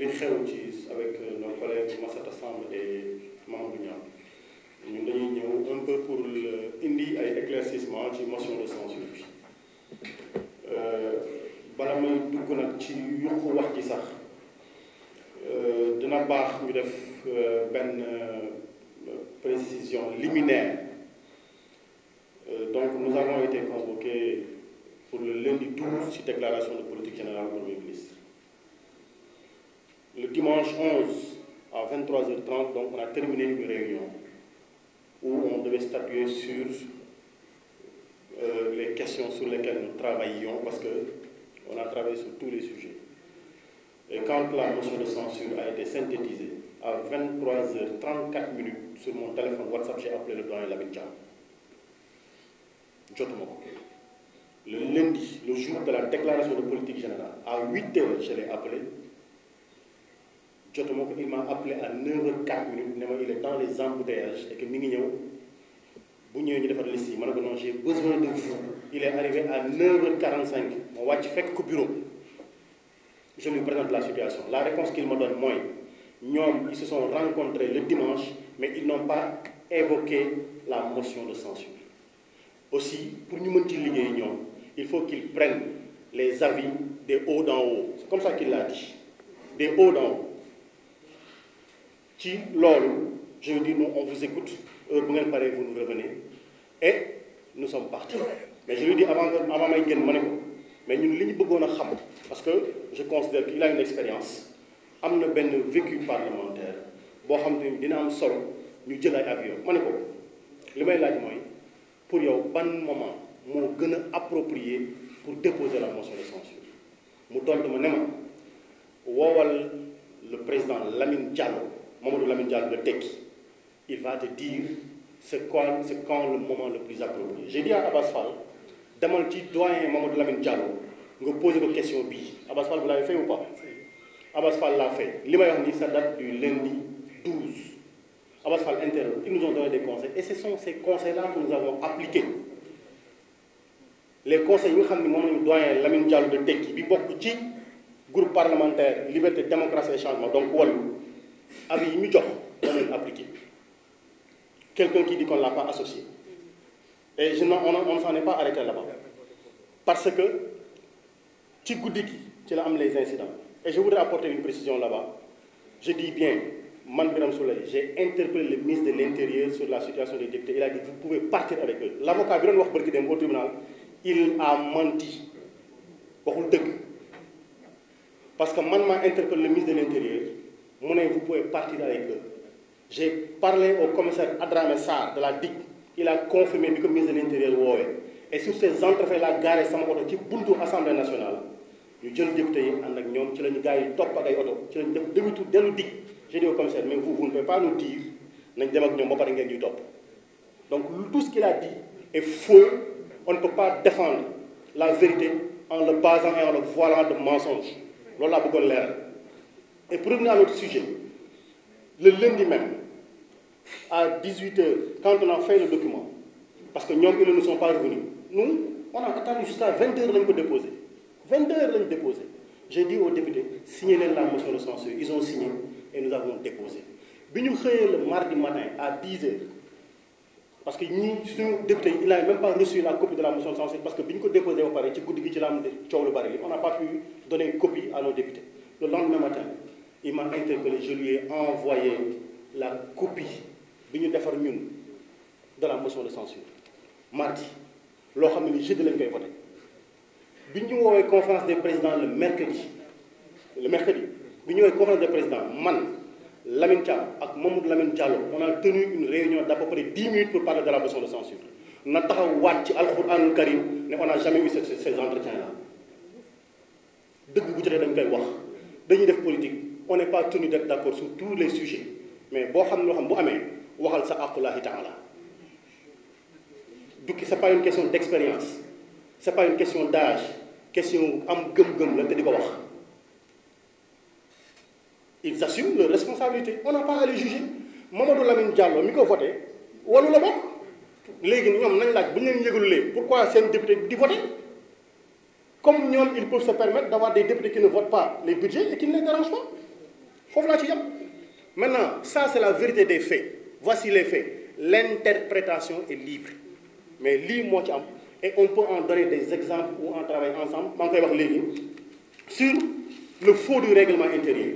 li xew ci avec euh, nos collègues Massata Samb et Mamadou Niang ñun dañuy ñëw un peu pour indi ay éclaircissement ci motion de censure bi euh, bala may dugg nag ci yuqu wax ji sax euh, dina baax ñu def benn précision liminaire donc nous avons été convoqués pour le lundi 12 ci déclaration de politique générale Premier ministre dimanche 11 à donc on a terminé une réunion où on devait statuer sur euh, les questions sur lesquelles nous travaillions parce que on a travaillé sur tous les sujets. Et quand la motion de censure a été synthétisée, à 23h34 minutes sur mon téléphone WhatsApp, j'ai appelé le doyen Lamine Diam. jotuma ko le lundi le jour de la déclaration de politique générale à 8h je l'ai appelé. jotuma ko il m'a appelé à 9 h minutes ne ma il est dans les embouteillages et que mi ngi ñëw bu ñëwee ñu defar liste yi ma ne ko non j'ai besoin de vous il est arrivé à 9h45 ma wàcc fekk ko bureau je lui présente la situation la réponse qu'il me donne mooy ñoom ils se sont rencontrés le dimanche mais ils n'ont pas évoqué la motion de censure aussi pour ñu mën ci liggéey ñoom il faut qu'ils prennent les avis des hauts d'en haut des hauts ci loolu je dis non on vous écoute euh, bu ngeen paree vous nous revenez et nous sommes partis mais je lui dis avant avant may génn ma ne ko mais ñun li ñu bëggoon a xam parce que je considère qu'il a une expérience am na benn vécu parlementaire boo xam ne ni dina am solo ñu jël ay avion ma ne ko li may laaj mooy pour yow ban moment moo gën a approprié pour déposer la motion de censure mu tontu ma ne ma woowal le président Lamine Diallo. Mamadou Lamine Diallo le tekki il va te dire c'est quand c'est quand le moment le plus approprié j'ai dit Abbas Fall demal ci doyen Mamadou Lamine Diallo nga poser ko question bii Abbas Fall vous l'avez fait ou pas Abbas Fall l'a fait li may wax nii sa date du lundi 12 Abbas Fall interroge ils nous ont donné des conseils et ce sont ces conseils là que nous avons appliqués les yi nga xam ne moom lañu doyen Lamine jàll de tekki bi bokk ci groupe parlementaire liberté démocratie donc wàllu avis yi ñu jox on leen appliqué quelqu'un qui dit qu'on l'a pas associé et je non on ne s'en est pas arrêté là-bas parce que ci guddi gi ci la am les incidents et je voudrais apporter une précision là-bas je di bien man Birame Souleye j'ai interpellé le ministre de l'intérieur sur la situation des députés il a dit vous pouvez partir avec eux l'avocat bi doon wax barki dem au tribunal il a menti waxul dëgg parce que man maa interpellé le ministre de l'intérieur mu ne vous pouvez partir avec eux j'ai parlé au commissaire Adramé Sarr de la DIC il a bi ko ministre l'intérieur woowee et sur ces entrefaits la garé sama oto ci buntu assemblée nationale ñu jël député yi ànd ak ñoom ci la ñu gars yi topp ak ay oto ci la ñu def demi tour dellu DIC j'ai dit au commissaire mais vous vous ne pouvez pas nous dire nañ dem ak ñoom ba pare ngeen ñuy topp donc tout ce qu'il a dit est on ne peut pas défendre la vérité en le basant et en le Et pour revenir à notre sujet, le lundi a fait le document, parce que Nyong ne nous sont pas revenus, nous, on a attendu jusqu'à 20h de nous déposer. 20h de déposer. J'ai dit aux députés, la motion de censure. Ils ont signé et nous avons déposé. Nous le mardi matin à 10h, parce que ñii suñu député il n'a même pas reçu la copie de la motion de censure parce que bi ñu ko déposé ba ci guddi gi ci la am coow lu bari envoyé la copie bi ñu defar ñun de la motion de censure mardi loo xam ne ni jeudi lañ koy voté bi ñu woowee conférence des présidents le mercredi le mercredi bi ñu woowee conférence des présidents man Lamine Thiam ak Mamadou Lamine Diallo on a tenu une réunion d'à peu près dix minutes pour parler de la motion de censure na taxaw waat ci alxuraanul karim ne on a jamais eu ces entretiens là dëgg bu jotee dañ koy wax dañuy def politique on n'est pas tenu d'être d'accord sur tous les sujets mais boo xam loo xam bu amee waxal sa aqulaahi taala du sa c'est pas une question d'expérience c'est pas une question d'âge question am gëm-gëm la te di ko wax ils assument leur responsabilité on n'a pas à les juger Mamadou Lamine Diallo mi ko voté walu la bokk léegi ñoom nañ laaj bu ñu leen yëgalulee pourquoi seen député di voté comme ñoom ils peuvent se permettre d'avoir des députés ki ne votent pas les budgets foofu laa ci yem maintenant ça c'est la vérité des faits voici les faits l'interprétation est libre mais li moo ci am et on peut en donner des exemples où on travaille ensemble maa ngi koy wax léegi sur le faux du règlement intérieur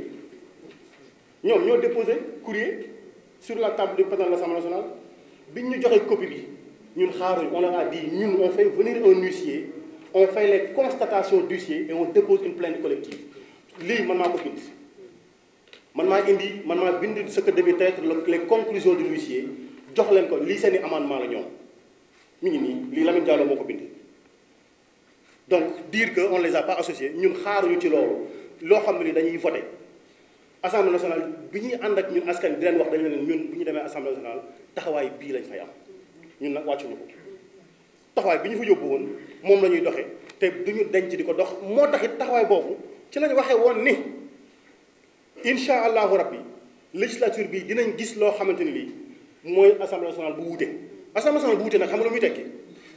ñoom ñoo déposé courrier sur la table du président de l'Assemblée nationale bi ñu joxe copie bi ñun xaaruñ on leur a dit ñun on fait venir un huissier on fait les constatations d'huissier et on dépose une plainte collective li man maa man maa indi man maa bind ce que devait être les conclusions de l'huissier jox leen ko lii seen i amendement la ñoom mu ngi nii lii Lamine Diallo moo ko bind. donc diir que on les a pas associés ñun xaaruñu ci loolu loo xam ne dañuy voté assemblée nationale bi ñuy ànd ak ñun askan di leen wax dañu leen ñun bu ñu demee assemblée nationale taxawaay bii lañ fay am ñun nag wàccuñu ko taxawaay bi ñu fa yóbbu woon moom la ñuy doxee te duñu denc di ko dox moo taxit taxawaay boobu ci lañ waxee woon ni. incha allahu rabbi législature bi dinañ gis loo xamante ni lii mooy assemblée nationale bu wuute assemblée nationale bu wuute nag xam nga lu muy tekki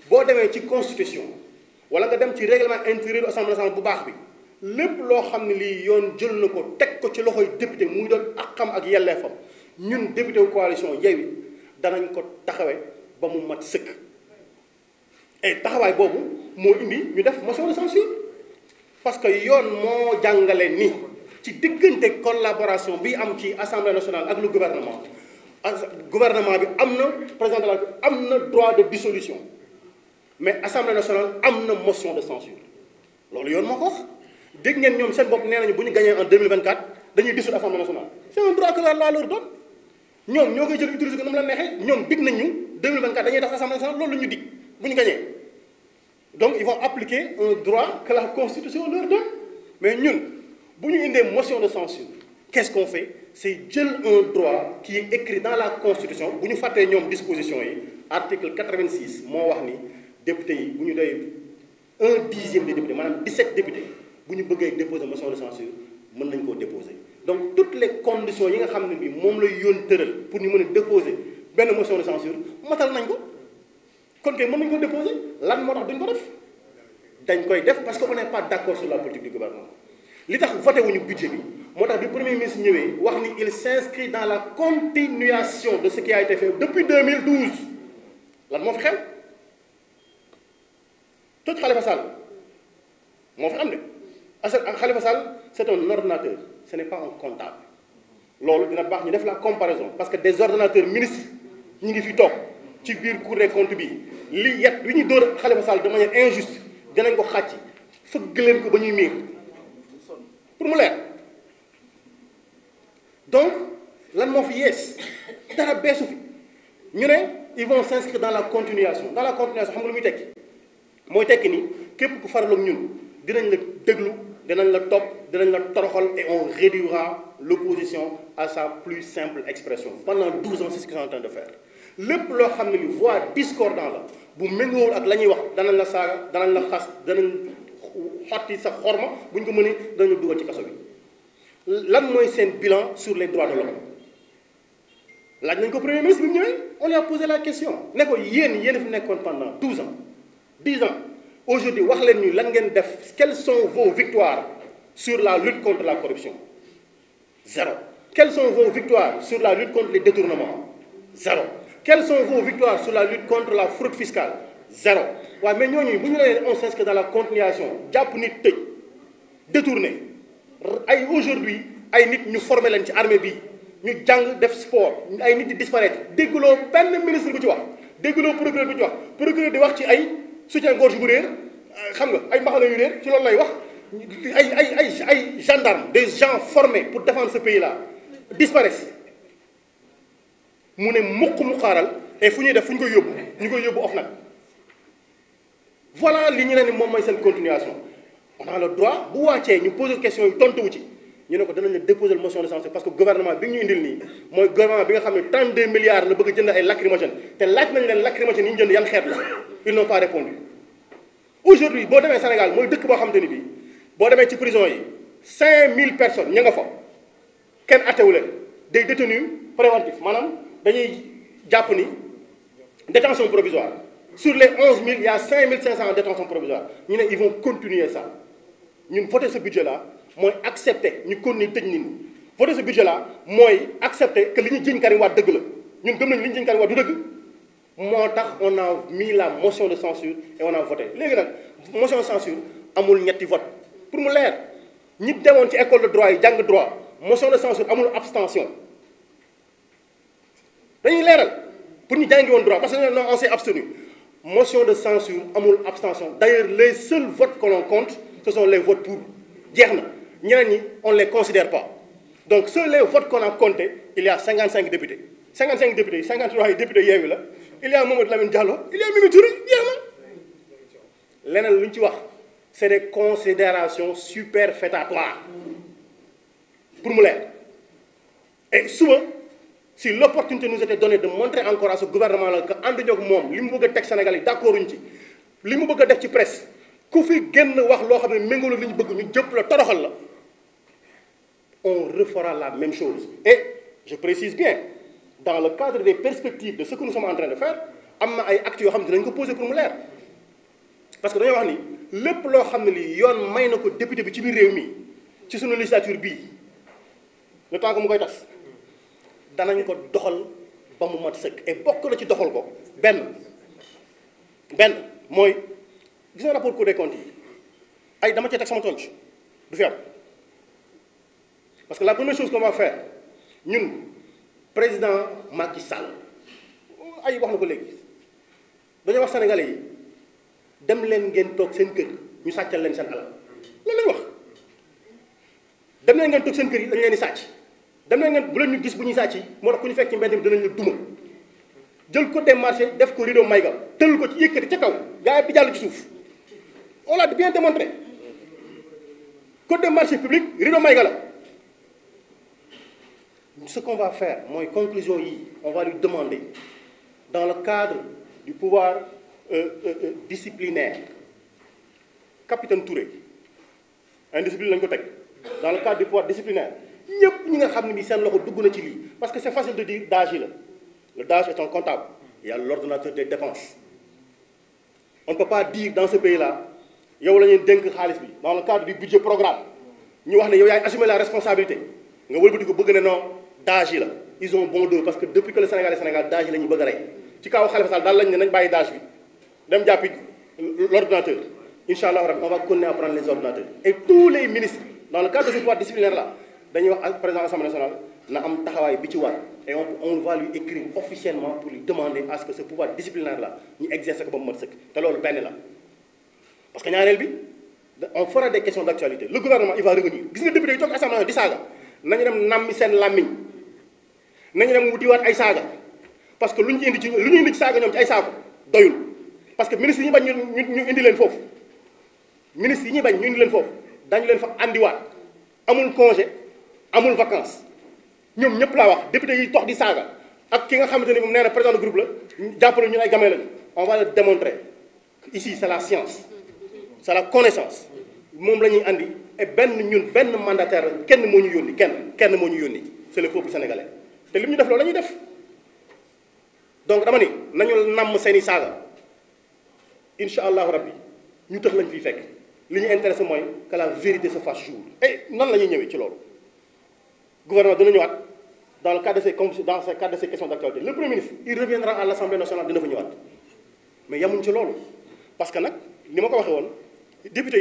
boo demee ci constitution wala nga dem ci règlement intérieur assemblée nationale bu baax bi lépp loo xam ne lii yoon jël na ko teg ko ci loxoy député muy doon ak xam ak yelleefam ñun député coalition Yewwi danañ ko taxawe ba mu mat sëkk et taxawaay boobu moo indi ñu def motion de censure parce que yoon moo jàngale ni ci diggante collaboration bi am ci assemblée nationale ak le gouvernement gouvernement bi am na président de la République am na droit mais assemblée nationale am na motion de censure loolu yoon moo ko wax dégg ngeen ñoom seen bopp nee nañu bu ñu gagné en 2024 dañuy dissoudre assemblée nationale c'est un droit que la loi leur donne ñoom ñoo koy jël utiliser ko na mu la neexee ñoom dig nañ ñu 2024 dañuy tax assemblée nationale loolu la ñu dig bu ñu gagné donc ils vont appliquer un droit mais ñun bu ñu indee motion de censure qu'est-ce qu'on fait c'est jël un droit qui écrit dans la constitution bu ñu fàttee ñoom disposition yi article 86 moo wax ni député yi bu ñu doy un dixième des députés maanaam 17 députés bu ñu bëggee déposer motion de censure mën nañ koo déposer donc toutes les conditions yi nga xam ne bi moom la yoon tëral pour ñu mën a déposer benn motion de censure matal nañ ko kon kay mën nañ ko déposer lan moo tax duñ ko def dañ def parce que on n'est pas li tax voté wuñu budget bi moo tax bi premier ministre ñëwee wax ni il s'inscrit dans la continuation de ce qui a été fait depuis 2012 lan moo fi xew toj Khalifa Sall moo fi am de Assane Khalifa Sall c'est un ordinateur ce n'est pas un comptable loolu dina baax ñu def la comparaison parce que des ordinateurs ministres ñu ngi fi toog ci biir Cour des comptes bi li yet li ñu dóor Khalifa Sall de manière injuste dinañ ko xàcc fëgg leen ko ba ñuy miir pour mu leer donc lan moo fi yees dara beesu fi ñu ne ils vont s'inscrire dans la continuation dans la continuation xam nga lu muy tekki mooy tekki ni képp ku faraloon ñun dinañ la déglu dinañ la topp dinañ la toroxal et on réduira l'opposition à sa plus simple expression pendant 12 ans c'est ce qu'ils sont en train de faire lépp loo xam ne lu voix discordant la bu méngoowul ak la ñuy wax danañ la saaga danañ la xas danañ xatti sa xorma bu ñu ko mënee dañu dugal ci kaso bi lan mooy seen bilan sur les droits de l'homme laaj nañ ko premier ministre bi mu ñëwee a posé la question ne ko yéen yéen fi nekkoon pendant douze ans dix ans aujourd'hui wax leen ñu lan ngeen def quelles sont vos victoires sur la lutte contre la corruption zéro quelles sont vos victoires sur la lutte contre les détournements zéro quelles sont vos victoires sur la lutte contre la fraude fiscale zéro waaw mais ñooñu bu ñu la nee on s'inscrit dans la continuation jàpp nit tëj détourné ay aujourd'hui ay nit ñu formé leen ci armée bi ñu jàng def sport ay nit di disparaître dégguloo benn ministre bu ci wax dégguloo procureur bu ci wax procureur di wax ci ay soutien gorge bu réer euh, xam nga ay mbaxana yu réer ci loolu lay wax ay ay ay ay gendarmes des gens formés pour défendre sa pays là disparaissent mu ne mukk mu xaaral fu ñuy def fu ñu koy yóbbu ñu koy yóbbu of voilà li ñu ne ni moom mooy seen continuation on a le droit bu wàccee ñu poser question yu tontuwu ci ñu ne ko danañ la déposer motion de censure parce que gouvernement bi ñu indil nii mooy gouvernement bi nga xam ne 32 milliards la bëgg jënd ay lacrymogène te laaj nañ leen lacrymogène yi ñu jënd yan xeet la ils n'ont pas répondu aujourd'hui boo demee Sénégal mooy dëkk boo xam te ni bii boo demee ci prison yi 5000 personnes ña nga fa kenn attewu leen day détenu préventif maanaam dañuy sur les 11 000 il y a 5 500 en détention provisoire ñu ne ils continuer ça ñun voter ce budget là mooy accepter ñu continuer tëj nit ñi voter ce budget là mooy accepter que li ñu jiñ Karim Wade dëgg la ñun gëm nañu li ñu jiñ Karim Wade du dëgg moo tax on a mis la motion de censure et on a voté léegi nag motion de censure amul ñetti vote pour mu leer ñu demoon ci école de droit yi jàng droit motion de censure amul abstention dañuy leeral pour ñu jàngi woon droit parce que non on s'est abstenu motion de censure amul abstention d'ailleurs les seuls votes que l'on compte ce sont les votes pour jeex na ñeneen ñi on les considère pas donc seuls les votes qu'on a comptés il y a 55 députés cinq députés 53 yi députés Yewwi la il y a Mamadou Lamine Diallo il y a Mimi Touré jeex na leneen lu ñu ci wax c'est des considérations superfétatoires pour mu leer et suba si l'opportunité nous était donnée de montrer encore à ce gouvernement là que ànduñu ak moom li mu bëgg a teg Sénégal yi d'accorduñ ci li mu bëgg def ci presse ku fi génn wax loo xam ne méngóo li ñu bëgg ñu jëpp la toroxal la on refera la même chose et je précise bien dans le cadre des perspectives de ce que nous sommes en train de faire am na ay actes yoo xam ne dañ ko poser pour mu leer parce que dañoo wax ni lépp loo xam ne lii yoon may na ko député bi ci biir réew mi ci sunu législature bii le temps mu koy tas. danañ ko doxal ba mu mat sëkk et bokk la ci doxal ko benn benn mooy gis nga rapport Cour des comptes yi ay dama ci teg sama tonc du fi parce que la première chose qu'on va ñun président Macky Sall ay wax na ko léegi dañoo wax sénégalais yi dem leen ngeen toog seen kër ñu sàccal leen seen alal loolu lañ wax dem leen ngeen toog seen kër yi dañ leen di sàcc dem na ngeen bu leen ñu gis bu ñuy sàcc moo tax ku ñu fekk ci mbedd mi dinañ duma jël côté marché def ko rideau maygal tëll ko ci yëkkati ca kaw gars bi jàll ci suuf on l'a bien démontré côté marché public rideau maygal la ce qu'on va faire mooy conclusion yi on va lui demander dans le cadre du pouvoir euh, euh, euh, disciplinaire capitaine Touré indiscipline lañ ko teg dans le cadre du pouvoir disciplinaire ñëpp ñi nga xam ne bi seen loxo dugg na ci lii parce que c'est facile de dire DAGE yi la le DAGE est un comptable il y a l'ordonnateur des dépenses pas dire dans ce pays là yow la dénk xaalis bi dans le cadre du budget programme ñu wax ne yow yaay assumer la responsabilité nga wëlbati ko bëgg ne non DAGE yi la ils ont bon dos parce que depuis que le Sénégal est Sénégal yi la ñu bëgg a rey ci kaw Khalifa Sall daal lañ ne nañ bàyyi DAGE bi dem jàppi l'ordonnateur incha allah rabbi on va continuer à prendre les ordinateurs et de dañuy wax président assemblée nationale na am taxawaay bi ci war et on on va lui écrire officiellement pour lui demander à ce que ce pouvoir disciplinaire là ñu exercer ko ba mu mat sëkk te loolu benn la parce que ñaareel bi on fera des questions d' actualité le gouvernement il va revenir gis nga député yi toog assemblée di saaga nañu dem nammi seen làmmiñ nañu dem wutiwaat ay saaga parce que lu ñu ci indi ci lu ñu indi ci saaga ñoom ay saaku doyul parce que ministre yi ñu bañ ñu ñu indi leen foofu yi ñuy bañ ñu indi leen foofu dañu leen fa andiwaat amul congé amul vacance ñoom ñëpp laa wax député yi tox di saaga ak ki nga xamante ni moom nee na président de groupe la jàppale ñun ay gamee lañu on va le démontrer ici c'est la science c'est la connaissance moom la ñuy andi benn ñun benn mandataire la kenn moo ñu yónni kenn kenn moo ñu yónni c'est le peuple sénégalais te li mu ñu def loolu la def donc dama ni nañu namm seeni saaga incha allahu rabbi ñu tëx lañ fiy fekk li ñu intéressé mooy que la vérité se fasse jour et eh, nan la ñuy ñëwee ci loolu gouvernement dina ñëwaat dans le cadre de ces dans le cadre de ces questions d' actualité le premier ministre il reviendra à l' assemblée nationale dina fa ñëwaat mais yamuñ ci loolu parce que nag ni ma ko waxee woon député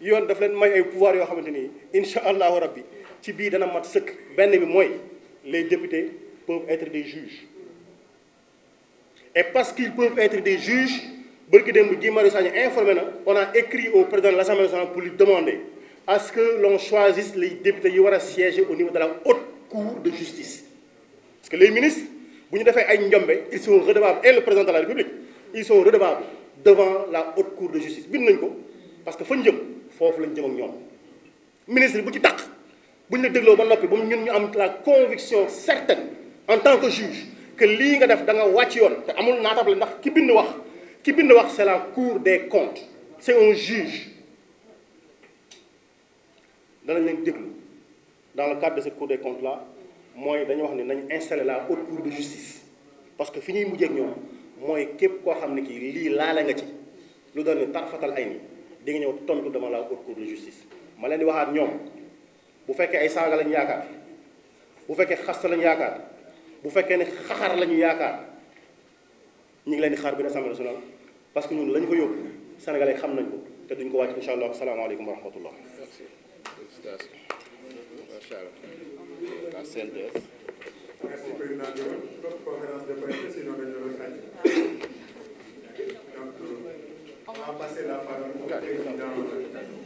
yi yoon daf leen may ay pouvoir yoo xamante ni incha allahu rabbi ci bii dana mat sëkk benn bi mooy les député peuvent être des juges et parce qu'ils peuvent être des juges bërki démb Guy Marius Sagna informé na on a écrit au président l' assemblée nationale pour à ce que l'on choisisse les députés yi war a siéger au niveau de la haute cour de justice parce que les ministres bu ñu defee ay njombe ils sont redevables et le président de la république ils sont redevables devant la haute cour de justice bind nañ ko parce que fañ jëm foofu lañ jëm ak ñoom ministre bu ci taq bu ñu la dégloo ba noppi ba ñun ñu am la conviction certaine en tant que juge que lii nga def da nga wàcc yoon te amul naatable ndax ki bind wax ki bind wax c'est la cour des comptes c'est un danañ leen déglu dans le cadre de cette cour des la mooy dañu wax ne nañu installer la haute cour de justice parce que fi ñuy mujjee ak ñoom mooy képp koo xam ne kii lii laale nga ci lu doon ne tarfatal ay nii di nga ñëw tontu dama laa haute cour de justice ma leen di waxaat ñoom bu fekkee ay saaga lañu yaakaar bu fekkee xasta lañu yaakaar bu fekkee ne xaxar lañu yaakaar ñu ngi leen di xaar bi assemblée nationale parce que ñun la ko fa yóbbu sénégalais xam nañ ko te duñ ko wàcc incha salaamaaleykum wa rahmatullah macha allah waa CNTS. merci président Diop comme conférence de presse sinon dañu doon sàcc donc on va passer la parole au président.